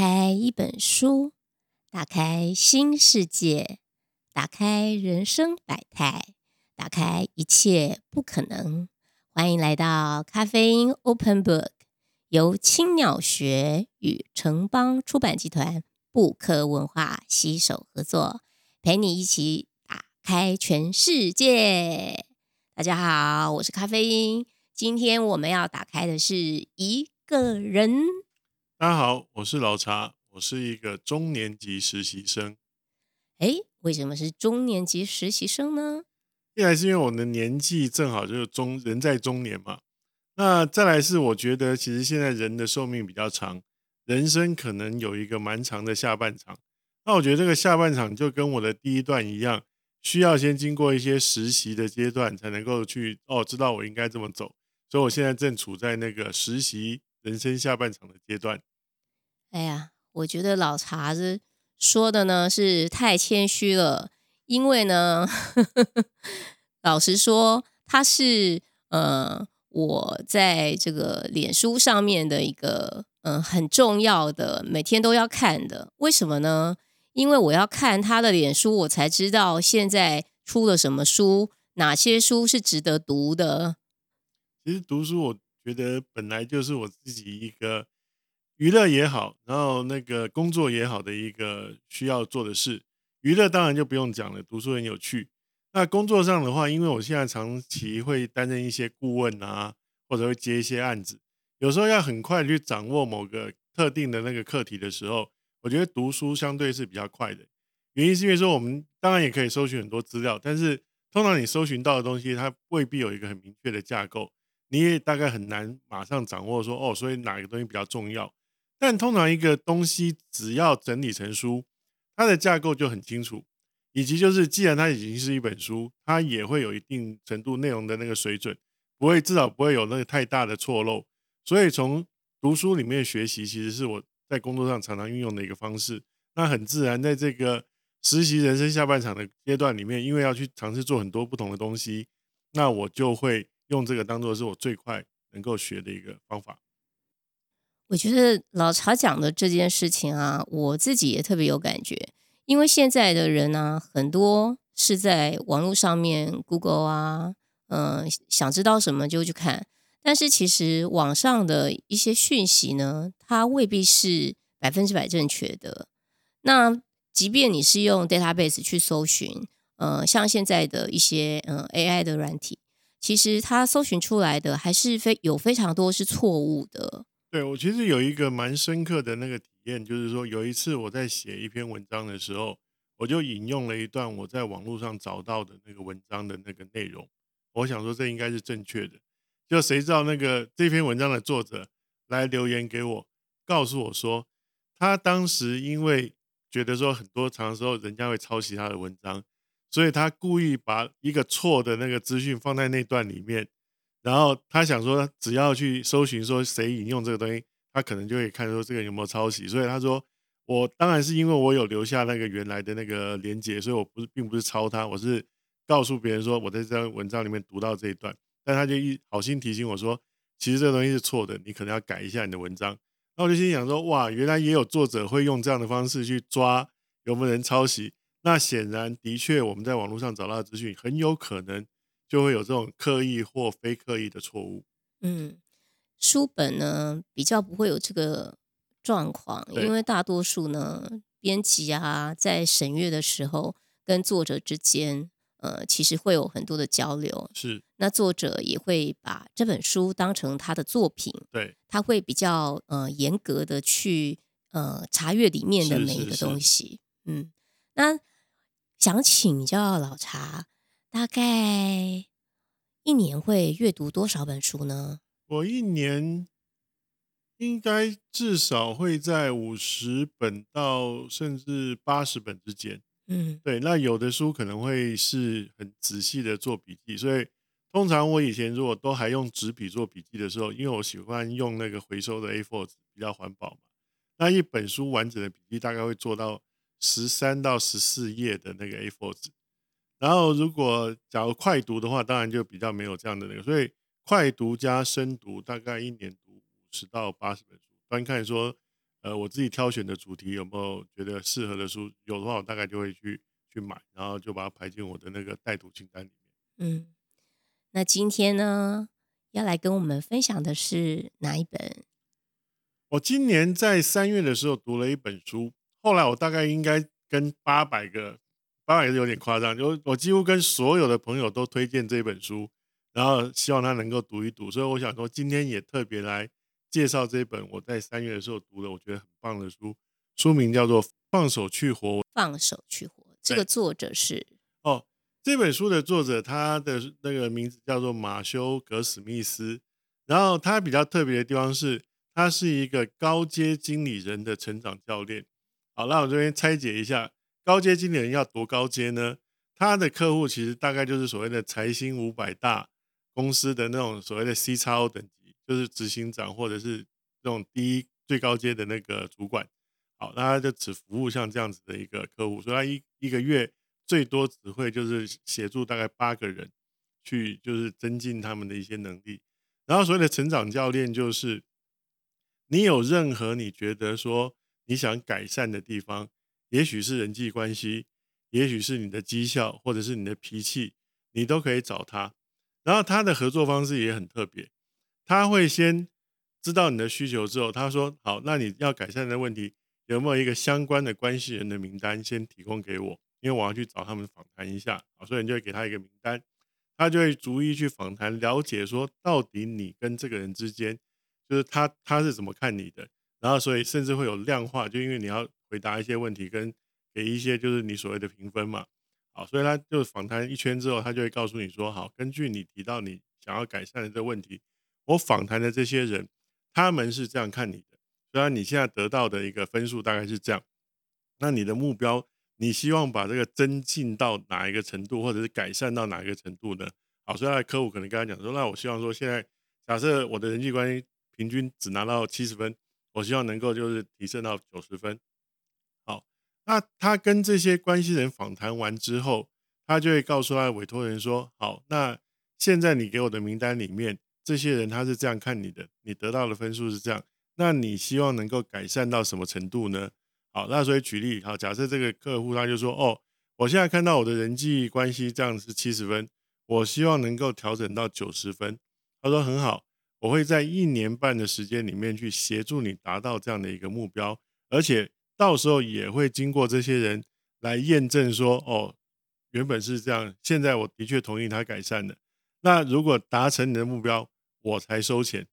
開一本書，打開新世界，打開人生百態，打開一切不可能。歡迎來到咖啡因 Open Book，由青鳥學與城邦出版集團、布克文化攜手合作，陪你一起打開全世界。大家好，我是咖啡因。今天我們要打開的是一個人。大家好，我是老查，我是一個中年級實習生。誒，為什麼是中年級實習生呢？一來是因為我的年紀正好就是中，人在中年嘛。那再來是我覺得其實現在人的壽命比較長，人生可能有一個蠻長的下半場。那我覺得這個下半場就跟我的第一段一樣，需要先經過一些實習的階段才能夠去，哦，知道我應該怎麼走。所以我現在正處在那個實習人生下半場的階段。哎呀，我覺得老查子說的呢是太謙虛了，因為呢，呵呵，老實說，他是呃，我在這個臉書上面的一個嗯、呃、很重要的，每天都要看的。為什麼呢？因為我要看他的臉書，我才知道現在出了什麼書，哪些書是值得讀的。其實讀書，我覺得本來就是我自己一個。娛樂也好，然後那個工作也好的一個需要做的事。娛樂當然就不用講了，讀書很有趣。那工作上的話，因為我現在長期會擔任一些顧問啊，或者會接一些案子，有時候要很快去掌握某個特定的那個課題的時候，我覺得讀書相對是比較快的。原因是因為說，我們當然也可以搜尋很多資料，但是通常你搜尋到的東西，它未必有一個很明確的架構，你也大概很難馬上掌握說，哦，所以哪個東西比較重要。但通常一個東西只要整理成書，它的架構就很清楚，以及就是既然它已經是一本書，它也會有一定程度內容的那個水準，不會，至少不會有那個太大的錯漏。所以從讀書裡面學習，其實是我在工作上常常運用的一個方式。那很自然，在這個實習人生下半場的階段裡面，因為要去嘗試做很多不同的東西，那我就會用這個當做是我最快能夠學的一個方法。我覺得老查講的這件事情啊，我自己也特別有感覺，因為現在的人呢、啊，很多是在網絡上面 Google 啊，嗯、呃，想知道什麼就去看，但是其實網上的一些訊息呢，它未必是百分之百正確的。那即便你是用 database 去搜尋，嗯、呃，像現在的一些嗯、呃、AI 的軟體，其實它搜尋出來的還是非有非常多是錯誤的。對，我其實有一個蠻深刻的那個體驗，就是說有一次我在寫一篇文章的時候，我就引用了一段我在網絡上找到的那個文章的那個內容，我想說，這應該是正確的，就誰知道那個這篇文章的作者來留言給我，告訴我說他當時因為覺得說很多常的時候人家會抄襲他的文章，所以他故意把一個錯的那個資訊放在那段裡面。然後他想說，只要去搜尋說誰引用這個東西，他可能就會看說這個有沒有抄襲。所以他說，我當然是因為我有留下那個原來的那個鏈接，所以我不是並不是抄他，我是告訴別人說我在這篇文章裡面讀到這一段。但他就一好心提醒我說，其實這個東西是錯的，你可能要改一下你的文章。那我就心想說，哇，原來也有作者會用這樣的方式去抓有沒有人抄襲。那顯然的確，我們在網絡上找到的資訊，很有可能就會有這種刻意或非刻意的錯誤。嗯，書本呢比較不會有這個狀況，對因為大多數呢編輯啊在審閱的時候，跟作者之間，呃，其實會有很多的交流。是，那作者也會把這本書當成他的作品。對，他會比較呃嚴格的去呃查閱裡面的每一個東西。是是是嗯，那想請教老查，大概。一年會閱讀多少本書呢？我一年應該至少會在五十本到甚至八十本之間。嗯，對。那有的書可能會是很仔細的做筆記，所以通常我以前如果都還用紙筆做筆記的時候，因為我喜歡用那個回收的 A4 紙，比較環保嘛。那一本書完整的筆記大概會做到十三到十四頁的那個 A4 紙。然後，如果假如快讀的話，當然就比較沒有這樣的那個。所以，快讀加深讀，大概一年讀五十到八十本書，端看說，呃，我自己挑選的主題有沒有覺得適合的書，有的話，我大概就會去去買，然後就把它排進我的那個待讀清單裡面。嗯，那今天呢，要來跟我們分享的是哪一本？我今年在三月的時候讀了一本書，後來我大概應該跟八百個。當然也是有點誇張，就我幾乎跟所有的朋友都推薦這本書，然後希望他能夠讀一讀。所以我想說，今天也特別來介紹這本我在三月的時候讀的，我覺得很棒的書。書名叫做《放手去活》，放手去活。這個作者是哦，這本書的作者，他的那個名字叫做馬修·葛史密斯。然後他比較特別的地方是，他是一個高階經理人的成長教練。好，那我這邊拆解一下。高階經理人要多高階呢？他的客戶其實大概就是所謂的財星五百大公司的那種所謂的 CXO 等級，就是執行長或者是這種第一最高階的那個主管。好，那他就只服務像這樣子的一個客戶，所以他一一個月最多只會就是協助大概八個人去，就是增進他們的一些能力。然後所謂的成長教練，就是你有任何你覺得說你想改善的地方。也許是人際關係，也許是你的績效，或者是你的脾氣，你都可以找他。然後他的合作方式也很特別，他會先知道你的需求之後，他說：“好，那你要改善的問題有沒有一個相關的關係人的名單先提供給我？因為我要去找他們訪談一下。”所以你就會給他一個名單，他就會逐一去訪談，了解說到底你跟這個人之間，就是他他是怎麼看你的。然後所以甚至會有量化，就因為你要。回答一些問題，跟給一些就是你所謂的評分嘛，好，所以他就訪談一圈之後，他就會告訴你說，好，根據你提到你想要改善的這個問題，我訪談的這些人，他們是這樣看你的，雖然你現在得到的一個分數大概是這樣，那你的目標，你希望把這個增進到哪一個程度，或者是改善到哪一個程度呢？好，所以他的客戶可能跟他講說，那我希望說現在假設我的人際關係平均只拿到七十分，我希望能夠就是提升到九十分。那他跟這些關係人訪談完之後，他就會告訴他委託人說：“好，那現在你給我的名單裡面，這些人他是這樣看你的，你得到的分數是這樣。那你希望能夠改善到什麼程度呢？好，那所以舉例哈，假設這個客戶他就說：‘哦，我現在看到我的人際關係這樣是七十分，我希望能夠調整到九十分。’他說：‘很好，我會在一年半的時間裡面去協助你達到這樣的一個目標，而且。’到時候也會經過這些人來驗證說，說哦，原本是這樣，現在我的確同意他改善的。那如果達成你的目標，我才收錢。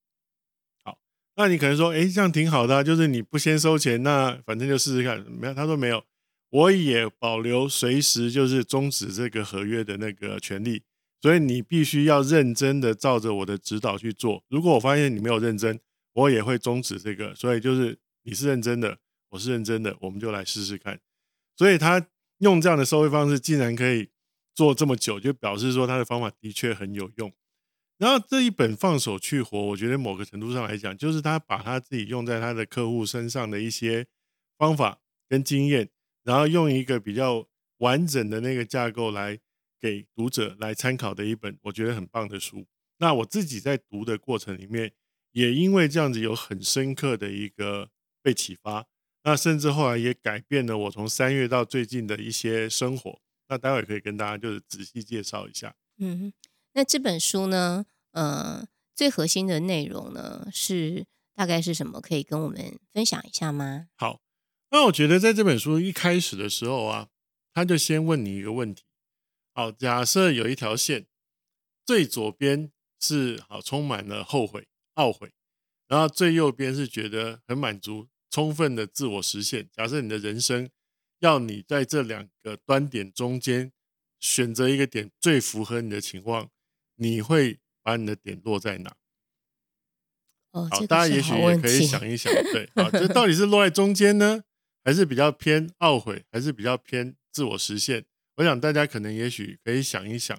好，那你可能說，誒，這樣挺好的啊，就是你不先收錢，那反正就試試看，沒有？他說沒有，我也保留隨時就是終止這個合約的那個權利。所以你必須要認真的照着我的指導去做。如果我發現你沒有認真，我也會終止這個。所以就是你是認真的。我是認真的，我們就來試試看。所以他用這樣的收費方式，竟然可以做這麼久，就表示說他的方法的確很有用。然後這一本《放手去活》，我覺得某個程度上來講，就是他把他自己用在他的客戶身上的一些方法跟經驗，然後用一個比較完整的那個架構來給讀者來參考的一本，我覺得很棒的書。那我自己在讀的過程裡面，也因為這樣子有很深刻的一個被啟發。那甚至後來也改變了我從三月到最近的一些生活。那待會可以跟大家就是仔細介紹一下。嗯，那這本書呢，呃，最核心的內容呢是大概是什麼？可以跟我們分享一下嗎？好，那我覺得在這本書一開始的時候啊，他就先問你一個問題：好，假設有一條線，最左邊是好充滿了後悔、懊悔，然後最右邊是覺得很滿足。充分的自我實現。假設你的人生要你在這兩個端點中間選擇一個點，最符合你的情況，你會把你的點落在哪？好，大家也許也可以想一想，哦這個、對，啊，這到底是落在中間呢，還是比較偏懊悔，還是比較偏自我實現？我想大家可能也許可以想一想。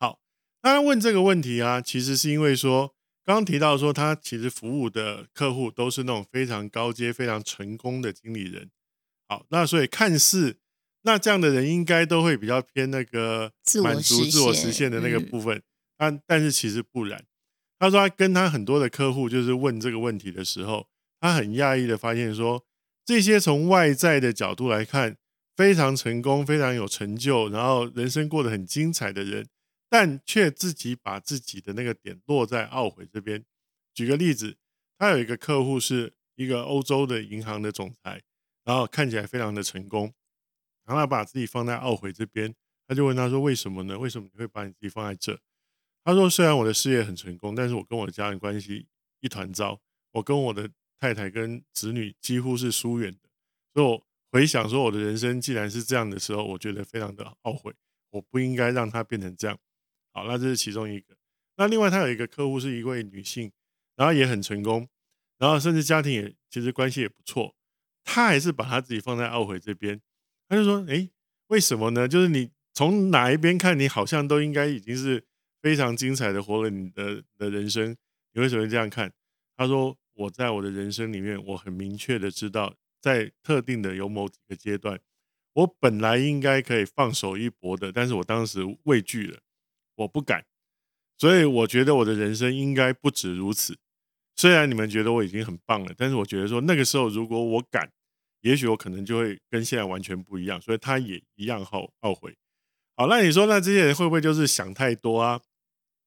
好，當然問這個問題啊，其實是因為說。剛剛提到說，他其實服務的客戶都是那種非常高階、非常成功的經理人。好，那所以看似那這樣的人應該都會比較偏那個滿足自我，自我實現的那個部分。但、嗯、但是其實不然，他說他跟他很多的客戶就是問這個問題的時候，他很訝異的發現說，這些從外在的角度來看非常成功、非常有成就，然後人生過得很精彩的人。但卻自己把自己的那個點落在懊悔這邊。舉個例子，他有一個客戶是一個歐洲的銀行的總裁，然後看起來非常的成功，然後他把自己放在懊悔這邊。他就問他說：“為什麼呢？為什麼你會把你自己放在這？”他說：“雖然我的事業很成功，但是我跟我的家人關係一團糟，我跟我的太太跟子女幾乎是疏遠的。所以我回想說我的人生既然是這樣的時候，我覺得非常的懊悔，我不應該讓它變成這樣。”好，那這是其中一個。那另外，他有一個客戶是一位女性，然後也很成功，然後甚至家庭也其實關係也不錯。她還是把她自己放在懊悔這邊，她就說：“哎，為什麼呢？就是你從哪一邊看，你好像都應該已經是非常精彩的活了你的的人生，你為什麼會這樣看？”她說：“我在我的人生裡面，我很明確的知道，在特定的有某幾個階段，我本來應該可以放手一搏的，但是我當時畏懼了。”我不敢，所以我覺得我的人生應該不止如此。雖然你們覺得我已經很棒了，但是我覺得說那個時候如果我敢，也許我可能就會跟現在完全不一樣。所以他也一樣好懊悔。好，那你說那這些人會不會就是想太多啊？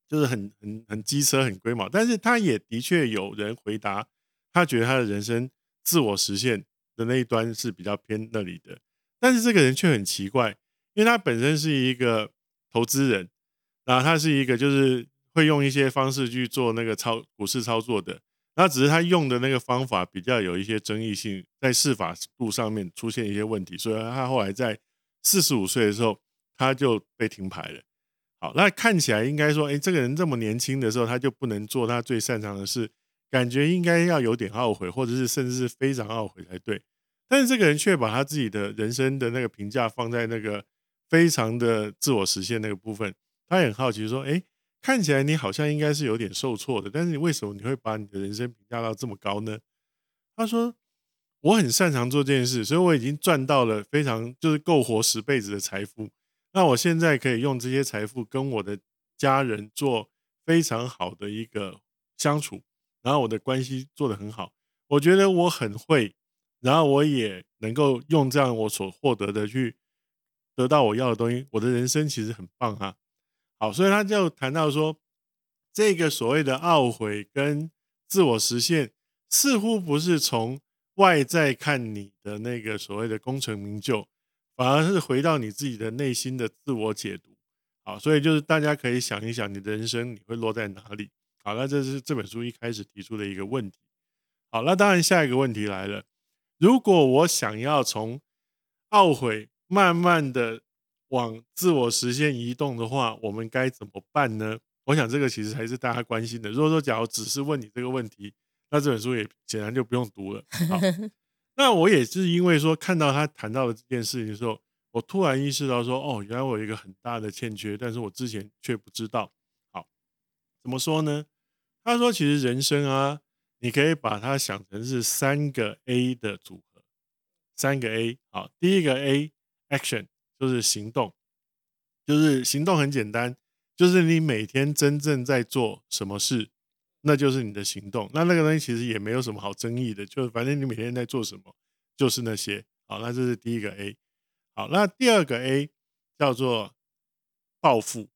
就是很很很機車很龜毛。但是他也的確有人回答，他覺得他的人生自我實現的那一端是比較偏那裡的。但是這個人卻很奇怪，因為他本身是一個投資人。啊，他是一個，就是會用一些方式去做那個操股市操作的。那只是他用的那個方法比較有一些爭議性，在司法度上面出現一些問題，所以他後來在四十五歲的時候，他就被停牌了。好，那看起來應該說，哎，這個人這麼年輕的時候，他就不能做他最擅長的事，感覺應該要有點懊悔，或者是甚至是非常懊悔才對。但是這個人卻把他自己的人生的那個評價放在那個非常的自我實現那個部分。他也很好奇說：“哎，看起來你好像應該是有點受挫的，但是你為什麼你會把你的人生評價到這麼高呢？”他說：“我很擅長做這件事，所以我已經賺到了非常就是夠活十輩子的財富。那我現在可以用這些財富跟我的家人做非常好的一個相處，然後我的關係做得很好。我覺得我很會，然後我也能夠用這樣我所獲得的去得到我要的東西。我的人生其實很棒哈、啊。”好，所以他就談到說，這個所謂的懊悔跟自我實現，似乎不是從外在看你的那個所謂的功成名就，反而是回到你自己的內心的自我解讀。好，所以就是大家可以想一想，你的人生你會落在哪裡？好，那這是這本書一開始提出的一個問題。好，那當然下一個問題來了，如果我想要從懊悔慢慢的。往自我實現移動的話，我們該怎麼辦呢？我想這個其實還是大家關心的。如果說，假如只是問你這個問題，那這本書也顯然就不用讀了。好， 那我也是因為說看到他談到的這件事情的時候，我突然意識到說，哦，原來我有一個很大的欠缺，但是我之前卻不知道。好，怎麼說呢？他說，其實人生啊，你可以把它想成是三個 A 的組合，三個 A。好，第一個 A，Action。就是行動，就是行動很簡單，就是你每天真正在做什麼事，那就是你的行動。那那個東西其實也沒有什麼好爭議的，就是反正你每天在做什麼，就是那些。好，那這是第一個 A。好，那第二個 A 叫做抱負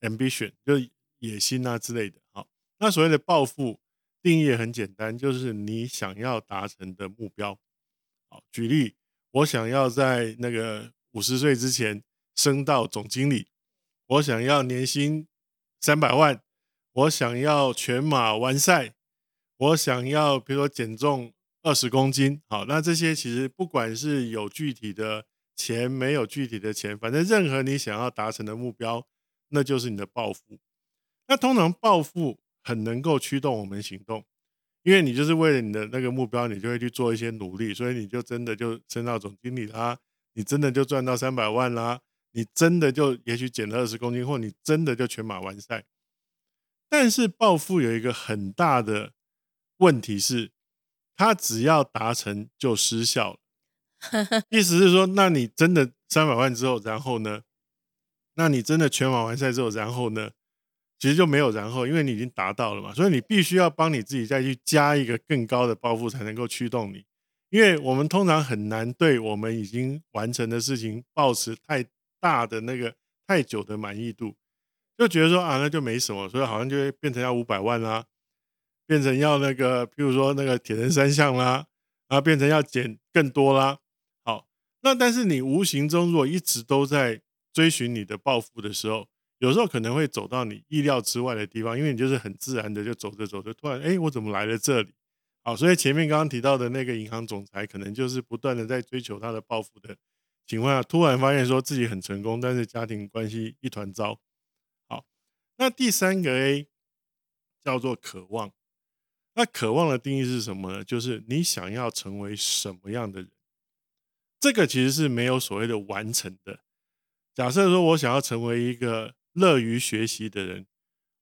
ambition，就是野心啊之類的。好，那所謂的抱負定義也很簡單，就是你想要達成的目標。好，舉例，我想要在那個。五十歲之前升到總經理，我想要年薪三百萬，我想要全馬完賽，我想要比如說減重二十公斤。好，那這些其實不管是有具體的錢，沒有具體的錢，反正任何你想要達成的目標，那就是你的抱負。那通常抱負很能夠驅動我們行動，因為你就是為了你的那個目標，你就會去做一些努力，所以你就真的就升到總經理、啊。他。你真的就賺到三百萬啦！你真的就也許減了二十公斤，或你真的就全馬完賽。但是抱負有一個很大的問題是，它只要達成就失效了。意思是說，那你真的三百萬之後，然後呢？那你真的全馬完賽之後，然後呢？其實就沒有然後，因為你已經達到了嘛。所以你必須要幫你自己再去加一個更高的抱負，才能夠驅動你。因為我們通常很難對我們已經完成的事情保持太大的那個，太久的滿意度，就覺得說啊那就沒什麼，所以好像就會變成要五百萬啦、啊，變成要那個，譬如說那個鐵人三項啦，然後變成要減更多啦。好，那但是你無形中如果一直都在追尋你的抱負的時候，有時候可能會走到你意料之外的地方，因為你就是很自然的就走着走着，突然哎，我怎麼來了這裡？所以前面剛剛提到的那個銀行總裁，可能就是不斷的在追求他的抱負的情況下，突然發現說自己很成功，但是家庭關係一團糟。好，那第三個 A 叫做渴望。那渴望的定義是什麼呢？就是你想要成為什麼樣的人？這個其實是沒有所謂的完成的。假設說我想要成為一個樂於學習的人，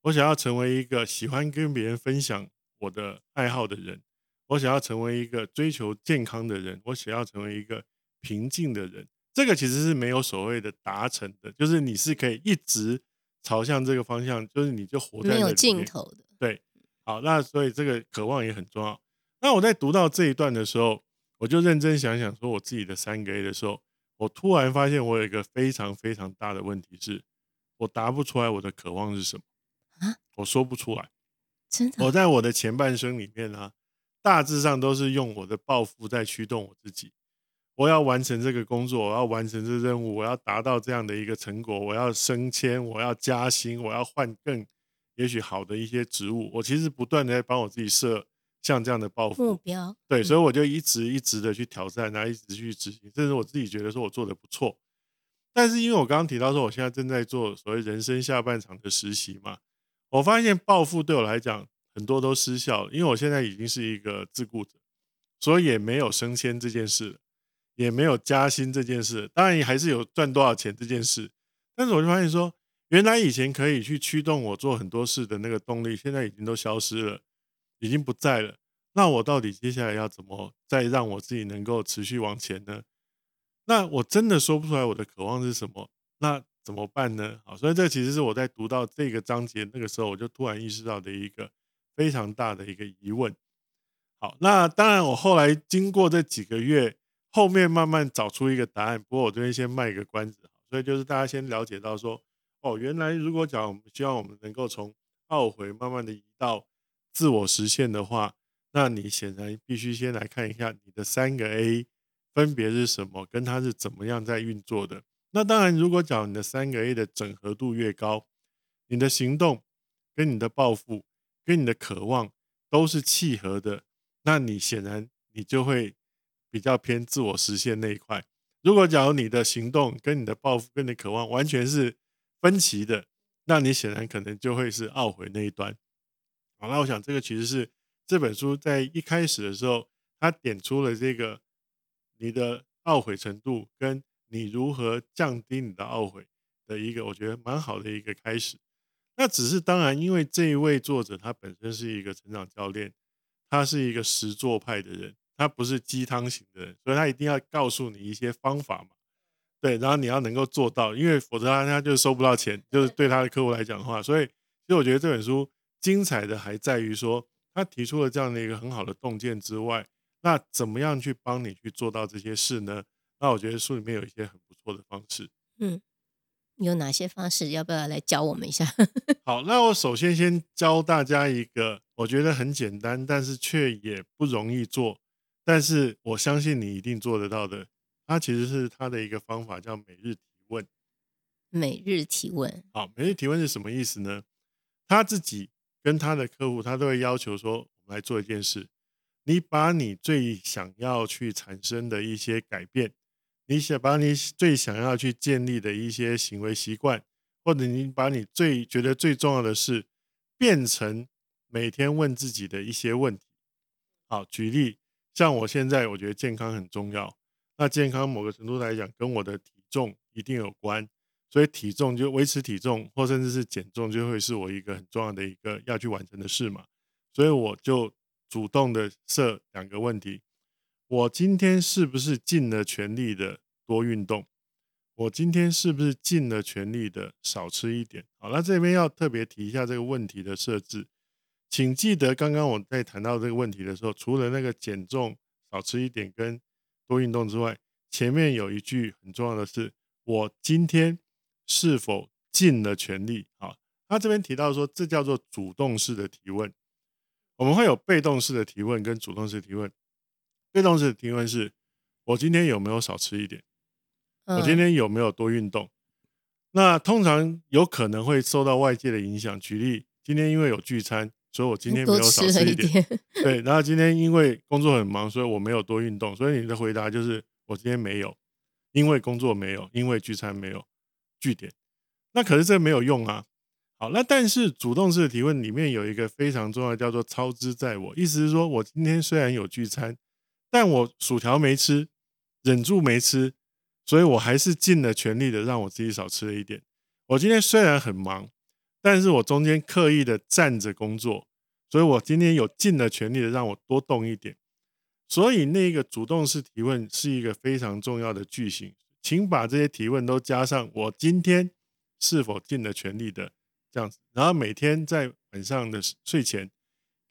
我想要成為一個喜歡跟別人分享我的愛好的人。我想要成為一個追求健康的人，我想要成為一個平靜的人。這個其實是沒有所謂的達成的，就是你是可以一直朝向這個方向，就是你就活在這裡沒有盡頭的。對，好，那所以這個渴望也很重要。那我在讀到這一段的時候，我就認真想想，說我自己的三個 A 的時候，我突然發現我有一個非常非常大的問題是，是我答不出來我的渴望是什麼啊？我說不出來，真的。我在我的前半生裡面呢、啊。大致上都是用我的抱負在驅動我自己。我要完成這個工作，我要完成這個任務，我要達到這樣的一個成果，我要升遷，我要加薪，我要換更也許好的一些職務。我其實不斷的在幫我自己設像這樣的抱負目標，對，所以我就一直一直的去挑戰，然後一直去執行，甚至我自己覺得說我做的不錯。但是因為我剛剛提到說我現在正在做所謂人生下半場的實習嘛，我發現抱負對我來講，很多都失效了，因為我現在已經是一個自雇者，所以也沒有升遷這件事，也沒有加薪這件事。當然還是有賺多少錢這件事，但是我就發現說，原來以前可以去驅動我做很多事的那個動力，現在已經都消失了，已經不在了。那我到底接下來要怎麼再讓我自己能夠持續往前呢？那我真的說不出來我的渴望是什麼，那怎麼辦呢？好，所以這其實是我在讀到這個章節那個時候，我就突然意識到的一個。非常大的一個疑問，好，那當然我後來經過這幾個月，後面慢慢找出一個答案，不過我這邊先賣一個關子，所以就是大家先了解到說，哦，原來如果講我們希望我們能夠從懊悔慢慢的移到自我實現的話，那你顯然必須先來看一下你的三個 A 分別是什麼，跟它是怎麼樣在運作的。那當然，如果講你的三個 A 的整合度越高，你的行動跟你的抱負。跟你的渴望都是契合的，那你顯然你就會比較偏自我實現那一塊。如果假如你的行動跟你的抱負、跟你的渴望完全是分歧的，那你顯然可能就會是懊悔那一端。好，那我想這個其實是這本書在一開始的時候，它點出了這個你的懊悔程度跟你如何降低你的懊悔的一個，我覺得蠻好的一個開始。那只是當然，因為這一位作者他本身是一個成長教練，他是一個實作派的人，他不是雞湯型的人，所以他一定要告訴你一些方法嘛，對，然後你要能夠做到，因為否則他他就是收不到錢，就是對他的客戶來講的話，所以其實我覺得這本書精彩的還在於說他提出了這樣的一個很好的洞見之外，那怎麼樣去幫你去做到這些事呢？那我覺得書裡面有一些很不錯的方式，嗯。有哪些方式？要不要來教我們一下？ 好，那我首先先教大家一個，我覺得很簡單，但是卻也不容易做，但是我相信你一定做得到的。它其實是他的一個方法，叫每日提問。每日提問，好，每日提問是什麼意思呢？他自己跟他的客戶，他都會要求說，我們來做一件事，你把你最想要去產生的一些改變。你想把你最想要去建立的一些行為習慣，或者你把你最覺得最重要的事，變成每天問自己的一些問題。好，舉例，像我現在我覺得健康很重要，那健康某個程度來講跟我的體重一定有關，所以體重就維持體重或甚至是減重就會是我一個很重要的一個要去完成的事嘛，所以我就主動的設兩個問題。我今天是不是盡了全力的多運動？我今天是不是盡了全力的少吃一點？好，那這邊要特別提一下這個問題的設置，請記得剛剛我在談到這個問題的時候，除了那個減重、少吃一點跟多運動之外，前面有一句很重要的是：我今天是否盡了全力？啊，他這邊提到說，這叫做主動式的提問，我們會有被動式的提問跟主動式的提問。被動式的提問是：我今天有沒有少吃一點？嗯、我今天有沒有多運動？那通常有可能會受到外界的影響。舉例，今天因為有聚餐，所以我今天沒有少吃一點。一點對，然後今天因為工作很忙，所以我沒有多運動。所以你的回答就是：我今天沒有，因為工作沒有，因為聚餐沒有，句點。那可是這沒有用啊。好，那但是主動式的提問裡面有一個非常重要，叫做“操之在我”，意思是說我今天雖然有聚餐。但我薯條沒吃，忍住沒吃，所以我還是盡了全力的讓我自己少吃了一點。我今天雖然很忙，但是我中間刻意的站着工作，所以我今天有盡了全力的讓我多動一點。所以那個主動式提問是一個非常重要的句型，請把這些提問都加上我今天是否盡了全力的，這樣子，然後每天在晚上的睡前，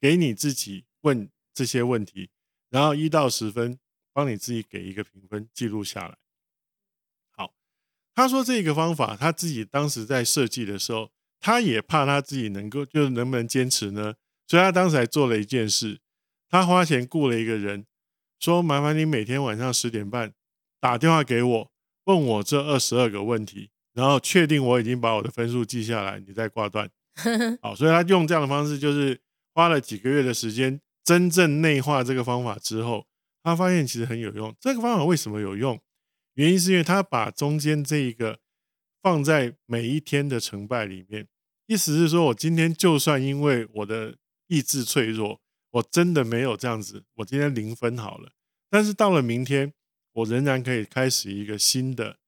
給你自己問這些問題。然後一到十分，幫你自己給一個評分，記錄下來。好，他說這個方法，他自己當時在設計的時候，他也怕他自己能夠，就是能不能堅持呢？所以，他當時還做了一件事，他花錢雇了一個人，說：“麻煩你每天晚上十點半打電話給我，問我這二十二個問題，然後確定我已經把我的分數記下來，你再掛斷。”好，所以他用這樣的方式，就是花了幾個月的時間。真正內化這個方法之後，他發現其實很有用。這個方法為什麼有用？原因是因為他把中間這一個放在每一天的成敗裡面。意思是說，我今天就算因為我的意志脆弱，我真的沒有這樣子，我今天零分好了。但是到了明天，我仍然可以開始一個新的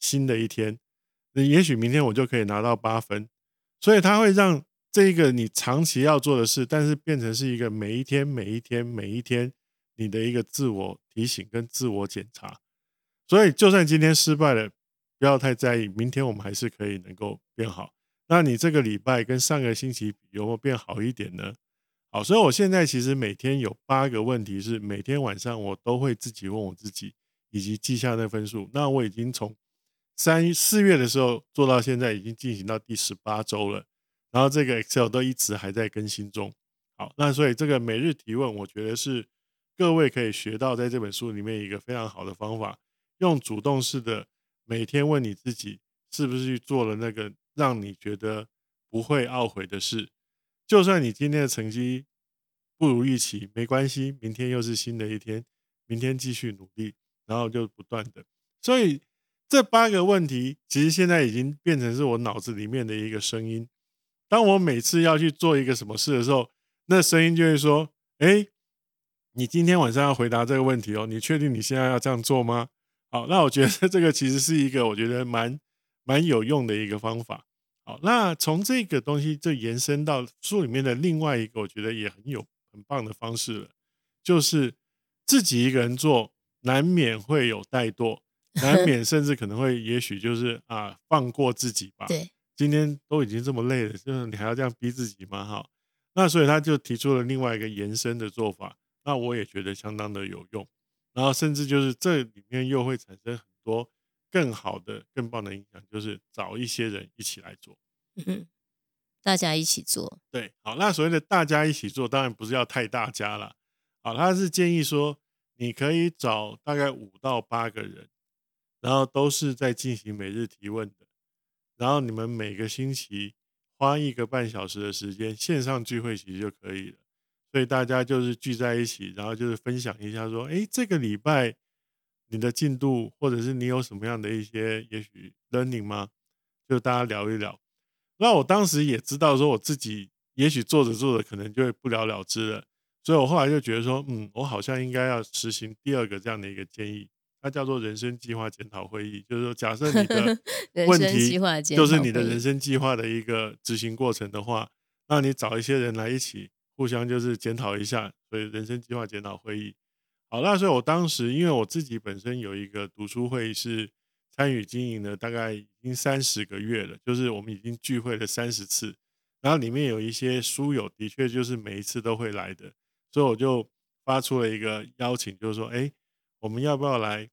新的一天。也許明天我就可以拿到八分。所以他會讓。這個你長期要做的事，但是變成是一個每一天、每一天、每一天你的一個自我提醒跟自我檢查。所以，就算今天失敗了，不要太在意，明天我們還是可以能夠變好。那你這個禮拜跟上個星期有沒有變好一點呢？好，所以我現在其實每天有八個問題是，每天晚上我都會自己問我自己，以及記下那分數。那我已經從三四月的時候做到現在已經進行到第十八周了。然後這個 Excel 都一直還在更新中。好，那所以這個每日提問，我覺得是各位可以學到，在這本書裡面一個非常好的方法，用主動式的每天問你自己，是不是去做了那個讓你覺得不會懊悔的事？就算你今天的成績不如預期，沒關係，明天又是新的一天，明天繼續努力，然後就不斷的。所以這八個問題，其實現在已經變成是我腦子裡面的一個聲音。當我每次要去做一個什麼事的時候，那聲音就會說：“哎，你今天晚上要回答這個問題哦，你確定你現在要這樣做嗎？”好，那我覺得這個其實是一個我覺得蠻蠻有用的一個方法。好，那從這個東西就延伸到書裡面的另外一個，我覺得也很有很棒的方式了，就是自己一個人做，難免會有怠惰，難免甚至可能會，也許就是啊，放過自己吧。對。今天都已經這麼累了，就是你還要這樣逼自己嗎？哈，那所以他就提出了另外一個延伸的做法，那我也覺得相當的有用，然後甚至就是這裡面又會產生很多更好的、更棒的影響，就是找一些人一起來做，嗯，大家一起做，對，好，那所謂的大家一起做，當然不是要太大家了，好，他是建議說你可以找大概五到八個人，然後都是在進行每日提問。然後你們每個星期花一個半小時的時間線上聚會其實就可以了，所以大家就是聚在一起，然後就是分享一下說，誒，這個禮拜你的進度，或者是你有什麼樣的一些也許 learning 嗎？就大家聊一聊。那我當時也知道說，我自己也許做着做着可能就會不了了之了，所以我後來就覺得說，嗯，我好像應該要實行第二個這樣的一個建議。它叫做人生計劃檢討會議，就是說假設你的問題就是你的人生計劃的一個執行過程的話，那你找一些人來一起互相就是檢討一下，所以人生計劃檢討會議。好，那所以我當時，因為我自己本身有一個讀書會是參與經營的，大概已經三十個月了，就是我們已經聚會了三十次，然後裡面有一些書友的確就是每一次都會來的，所以我就發出了一個邀請，就是說，哎，我們要不要來？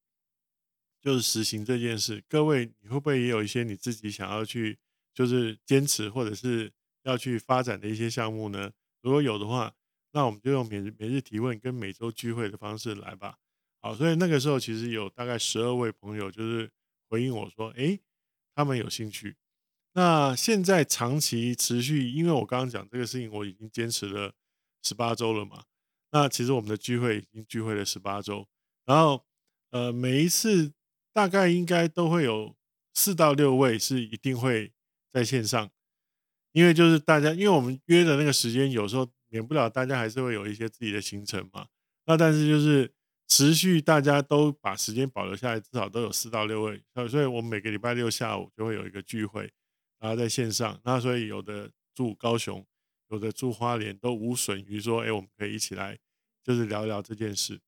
就是實行這件事，各位，你會不會也有一些你自己想要去，就是堅持或者是要去發展的一些項目呢？如果有的話，那我們就用每日每日提問跟每週聚會的方式來吧。好，所以那個時候其實有大概十二位朋友就是回應我說，誒，他們有興趣。那現在長期持續，因為我剛剛講這個事情，我已經堅持了十八週了嘛。那其實我們的聚會已經聚會了十八週，然後呃，每一次。大概應該都會有四到六位是一定會在線上，因為就是大家，因為我們約的那個時間，有時候免不了大家還是會有一些自己的行程嘛。那但是就是持續大家都把時間保留下來，至少都有四到六位。那所以我們每個禮拜六下午就會有一個聚會，然後在線上。那所以有的住高雄，有的住花蓮，都無損於說，欸，我們可以一起來，就是聊一聊這件事。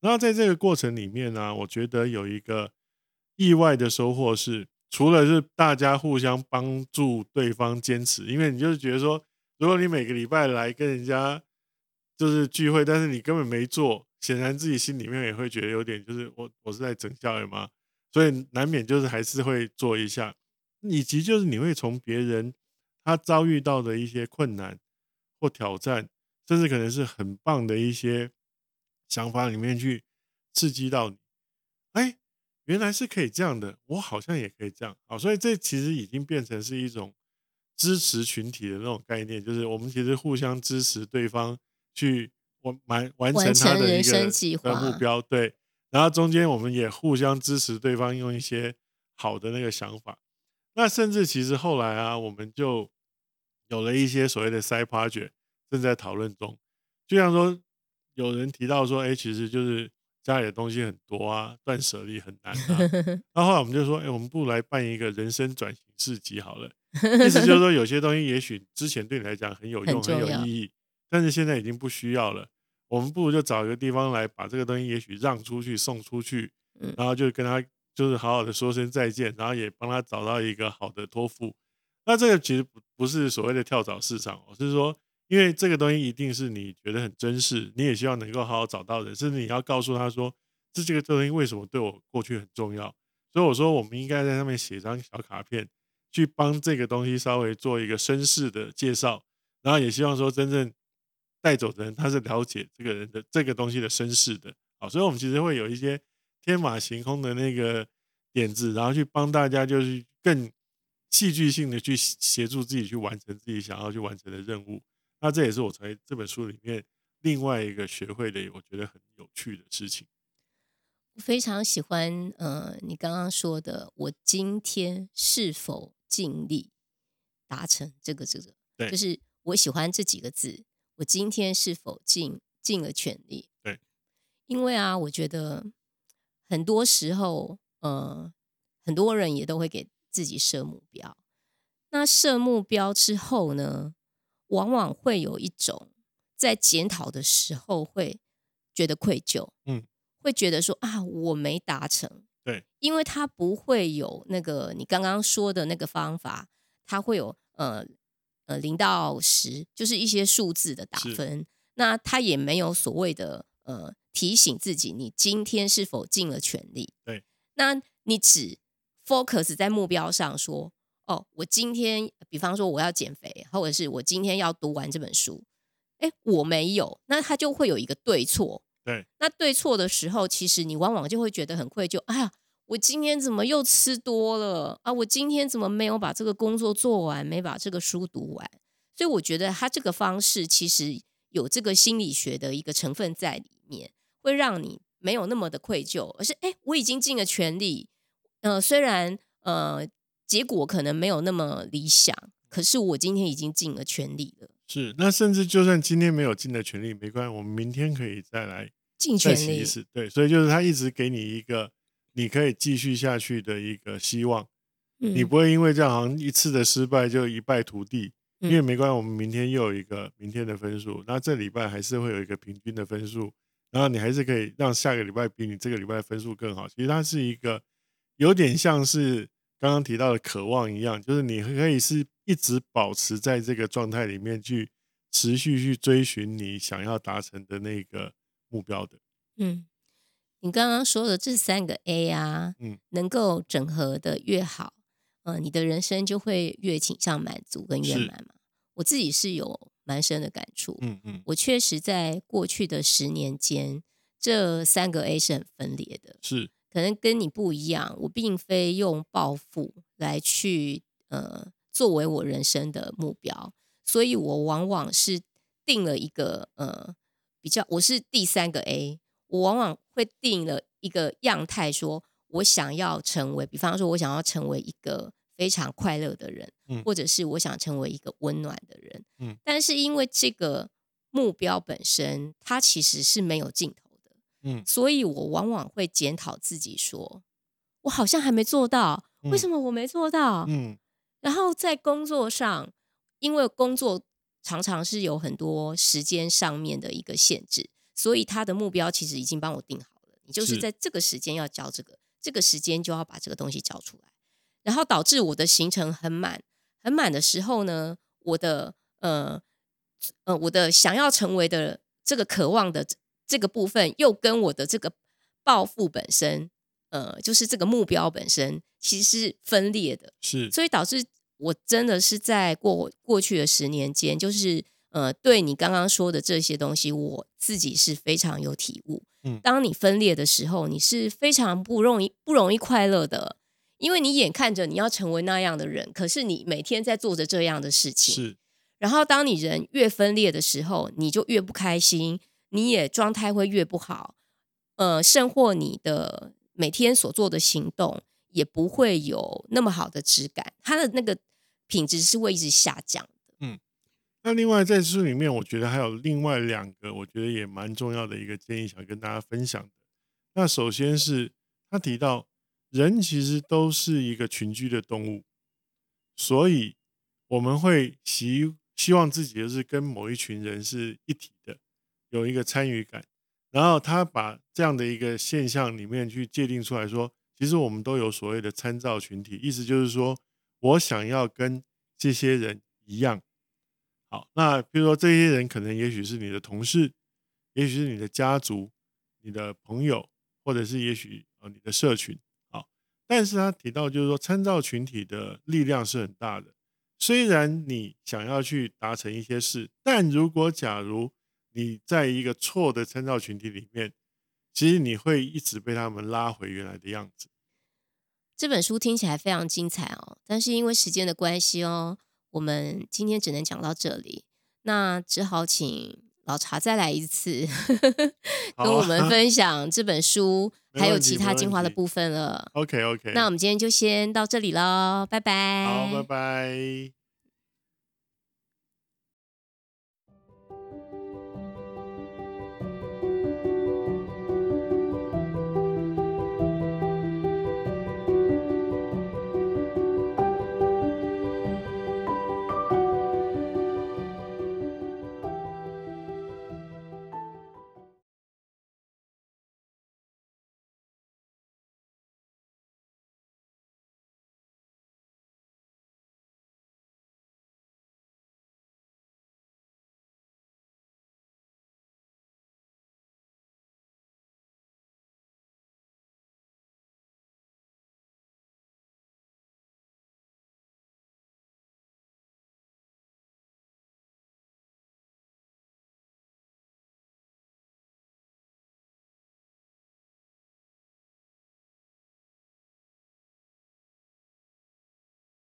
然後在這個過程裡面呢，我覺得有一個。意外的收穫是，除了是大家互相幫助對方堅持，因為你就是覺得說，如果你每個禮拜來跟人家就是聚會，但是你根本沒做，顯然自己心裡面也會覺得有點就是我我是在整教的嘛，所以難免就是還是會做一下，以及就是你會從別人他遭遇到的一些困難或挑戰，甚至可能是很棒的一些想法裡面去刺激到你，哎。原來是可以這樣的，我好像也可以這樣啊，哦，所以這其實已經變成是一種支持群體的那種概念，就是我們其實互相支持對方去完完完成他的一個目標，對，然後中間我們也互相支持對方用一些好的那個想法，那甚至其實後來啊，我們就有了一些所謂的 side project 正在討論中，就像說有人提到說，哎，其實就是。家裡的東西很多啊，斷捨離很難啊。 然後，後來我們就說，哎，我們不如來辦一個人生轉型市集好了。 意思就是說，有些東西也許之前對你來講很有用，很，很有意義，但是現在已經不需要了。我們不如就找一個地方來把這個東西也許讓出去、送出去，嗯，然後就跟他就是好好的說聲再見，然後也幫他找到一個好的托付。那這個其實不不是所謂的跳蚤市場，哦，我是說。因為這個東西一定是你覺得很珍視，你也希望能夠好好找到人，甚至你要告訴他說，這這個東西為什麼對我過去很重要。所以我說，我們應該在上面寫張小卡片，去幫這個東西稍微做一個身世的介紹，然後也希望說真正帶走的人，他是了解這個人的這個東西的身世的。好，所以我們其實會有一些天馬行空的那個點子，然後去幫大家就是更戲劇性的去協助自己去完成自己想要去完成的任務。那這也是我在這本書裡面另外一個學會的，我覺得很有趣的事情。我非常喜歡，呃，你剛剛說的，我今天是否盡力達成這個這個？對，就是我喜歡這幾個字，我今天是否盡盡了全力？對，因為啊，我覺得很多時候，呃，很多人也都會給自己設目標。那設目標之後呢？往往會有一種在檢討的時候會覺得愧疚，嗯，會覺得說啊，我沒達成，對，因為他不會有那個你剛剛說的那個方法，他會有呃呃零到十，就是一些數字的打分，是那他也沒有所謂的呃提醒自己你今天是否盡了全力，對，那你只 focus 在目標上說。哦，我今天比方說我要減肥，或者是我今天要讀完這本書，哎，我沒有，那他就會有一個對錯。對，那對錯的時候，其實你往往就會覺得很愧疚。哎呀，我今天怎麼又吃多了啊？我今天怎麼沒有把這個工作做完，沒把這個書讀完？所以我覺得他這個方式其實有這個心理學的一個成分在裡面，會讓你沒有那麼的愧疚，而是哎，我已經盡了全力。呃，雖然呃。結果可能沒有那麼理想，可是我今天已經盡了全力了。是，那甚至就算今天沒有盡了全力，沒關係，我們明天可以再來盡全力一次。對，所以就是他一直給你一個你可以繼續下去的一個希望，嗯、你不會因為這樣好像一次的失敗就一敗塗地，嗯、因為沒關係，我們明天又有一個明天的分數，嗯、那這禮拜還是會有一個平均的分數，然後你還是可以讓下個禮拜比你這個禮拜分數更好。其實它是一個有點像是剛剛提到的渴望一樣，就是你可以是一直保持在這個狀態裡面去持續去追尋你想要達成的那個目標的。嗯，你剛剛說的這三個 A 啊，嗯，能夠整合的越好，嗯、呃，你的人生就會越傾向滿足跟圓滿嘛。是我自己是有蠻深的感觸。嗯嗯，嗯我確實在過去的十年間，這三個 A 是很分裂的。是。可能跟你不一樣，我並非用暴富來去呃作為我人生的目標，所以我往往是定了一個呃比較，我是第三個 A，我往往會定了一個樣態，說我想要成為，比方說我想要成為一個非常快樂的人，嗯、或者是我想成為一個溫暖的人，嗯，但是因為這個目標本身，它其實是沒有盡頭。嗯，所以我往往會檢討自己，說我好像還沒做到，為什麼我沒做到？嗯，然後在工作上，因為工作常常是有很多時間上面的一個限制，所以他的目標其實已經幫我定好了，你就是在這個時間要交這個，這個時間就要把這個東西交出來，然後導致我的行程很滿，很滿的時候呢，我的呃呃，我的想要成為的這個渴望的。這個部分又跟我的這個抱負本身，呃，就是這個目標本身其實是分裂的。是所以導致我真的是在過過去的十年間，就是呃，對你剛剛說的這些東西，我自己是非常有體悟。嗯，當你分裂的時候，你是非常不容易不容易快樂的，因為你眼看着你要成為那樣的人，可是你每天在做着這樣的事情，是然後，當你人越分裂的時候，你就越不開心。你也狀態會越不好，呃，甚或你的每天所做的行動也不會有那麼好的質感，他的那個品質是會一直下降的。嗯，那另外在書裡面，我覺得還有另外兩個，我覺得也蠻重要的一個建議，想跟大家分享的。那首先是他提到，人其實都是一個群居的動物，所以我們會希希望自己就是跟某一群人是一體的。有一個參與感，然後他把這樣的一個現象裡面去界定出來說，其實我們都有所謂的參照群體，意思就是說我想要跟這些人一樣。好，那譬如說這些人可能也許是你的同事，也許是你的家族、你的朋友，或者是也許呃你的社群。好，但是他提到就是說參照群體的力量是很大的，雖然你想要去達成一些事，但如果假如你在一個錯的參照群體裡面，其實你會一直被他們拉回原來的樣子。這本書聽起來非常精彩哦，但是因為時間的關係哦，我們今天只能講到這裡，那只好請老查再來一次，呵呵好跟我們分享這本書還有其他精華的部分了。OK OK，那我們今天就先到這裡嘍，拜拜。好，拜拜。